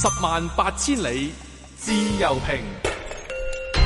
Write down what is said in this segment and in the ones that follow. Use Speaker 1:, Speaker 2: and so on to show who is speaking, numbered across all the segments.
Speaker 1: 十萬八千里自由評。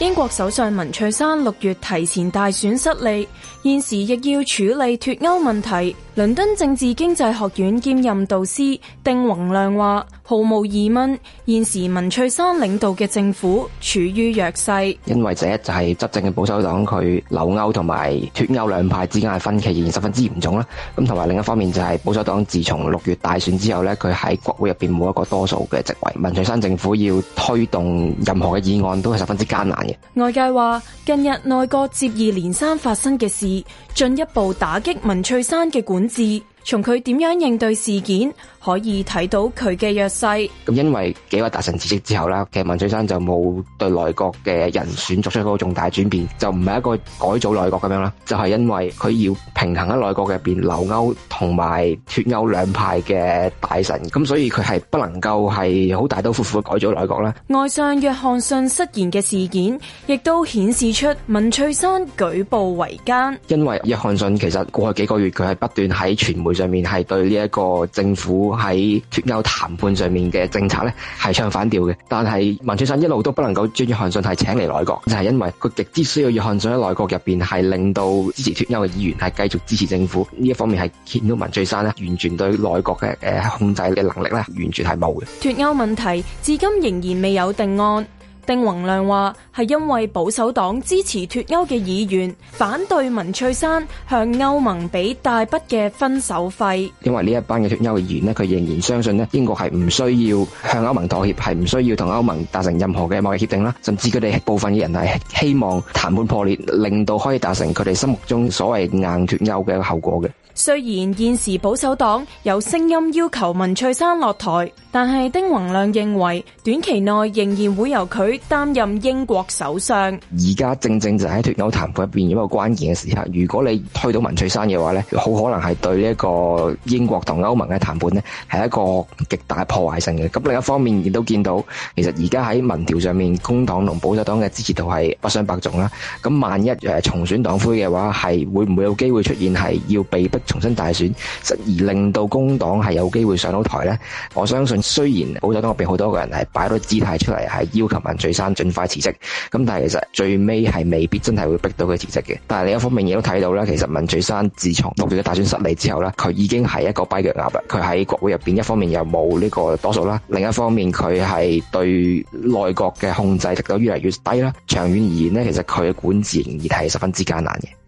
Speaker 2: 英國首相文翠珊六月提前大選失利。現時亦要處理脫歐問題。倫敦政治經濟學院兼任導師丁宏量話：毫無疑問，現時文翠珊領導嘅政府處於弱勢。
Speaker 1: 因為第一就係執政嘅保守黨，佢留歐同埋脫歐兩派之間嘅分歧仍然十分之嚴重啦。咁同埋另一方面就係保守黨自從六月大選之後咧，佢喺國會入邊冇一個多數嘅席位。文翠珊政府要推動任何嘅議案都係十分之艱難嘅。
Speaker 2: 外界話，近日內閣接二連三發生嘅事。進一步打擊文翠珊嘅管治。從佢點樣應對事件，可以睇到佢嘅弱勢。
Speaker 1: 咁因為幾位大臣辭職之後啦，其實文翠珊就冇對內閣嘅人選作出一個重大轉變，就唔係一個改組內閣咁樣啦，就係、是、因為佢要平衡喺內閣入邊留歐同埋脱歐兩派嘅大臣，咁所以佢係不能夠係好大刀闊斧，斧地改組內閣啦。
Speaker 2: 外相約翰遜失言嘅事件，亦都顯示出文翠珊舉步維艱。
Speaker 1: 因為約翰遜其實過去幾個月佢係不斷喺傳媒。上面係對呢一個政府喺脫歐談判上面嘅政策咧，係唱反調嘅。但係文翠珊一路都不能夠將約翰遜係請嚟內閣，就係、是、因為佢極之需要約翰遜喺內閣入邊係令到支持脫歐嘅議員係繼續支持政府呢一方面，係見到文翠珊咧，完全對內閣嘅誒控制嘅能力咧，完全係冇嘅。
Speaker 2: 脫歐問題至今仍然未有定案。丁宏量話：係因為保守黨支持脱歐嘅議員反對文翠珊向歐盟俾大筆嘅分手費，因
Speaker 1: 為呢一班嘅脱歐嘅議員咧，佢仍然相信咧，英國係唔需要向歐盟妥協，係唔需要同歐盟達成任何嘅貿易協定啦，甚至佢哋部分嘅人係希望談判破裂，令到可以達成佢哋心目中所謂硬脱歐嘅一個後果嘅。
Speaker 2: 雖然現時保守黨有聲音要求文翠珊落台，但係丁宏量認為短期內仍然會由佢擔任英國首相，
Speaker 1: 而家正正就喺脫歐談判入邊一個關鍵嘅時刻。如果你推到文翠珊嘅話咧，好可能係對呢一個英國同歐盟嘅談判咧係一個極大破壞性嘅。咁另一方面亦都見到，其實而家喺民調上面，工黨同保守黨嘅支持度係不相伯仲啦。咁萬一誒，重選黨魁嘅話，係會唔會有機會出現係要被迫重新大選，而令到工黨係有機會上到台咧？我相信雖然保守黨被好多個人係擺咗姿態出嚟，係要求文。翠珊盡快辭職，咁但係其實最尾係未必真係會逼到佢辭職嘅。但係另一方面亦都睇到咧，其實文翠珊自從六月嘅大選失利之後咧，佢已經係一個跛腳鴨啦。佢喺國會入邊，一方面又冇呢個多數啦，另一方面佢係對內閣嘅控制力度越嚟越低啦。長遠而言咧，其實佢嘅管治議題係十分之艱難嘅。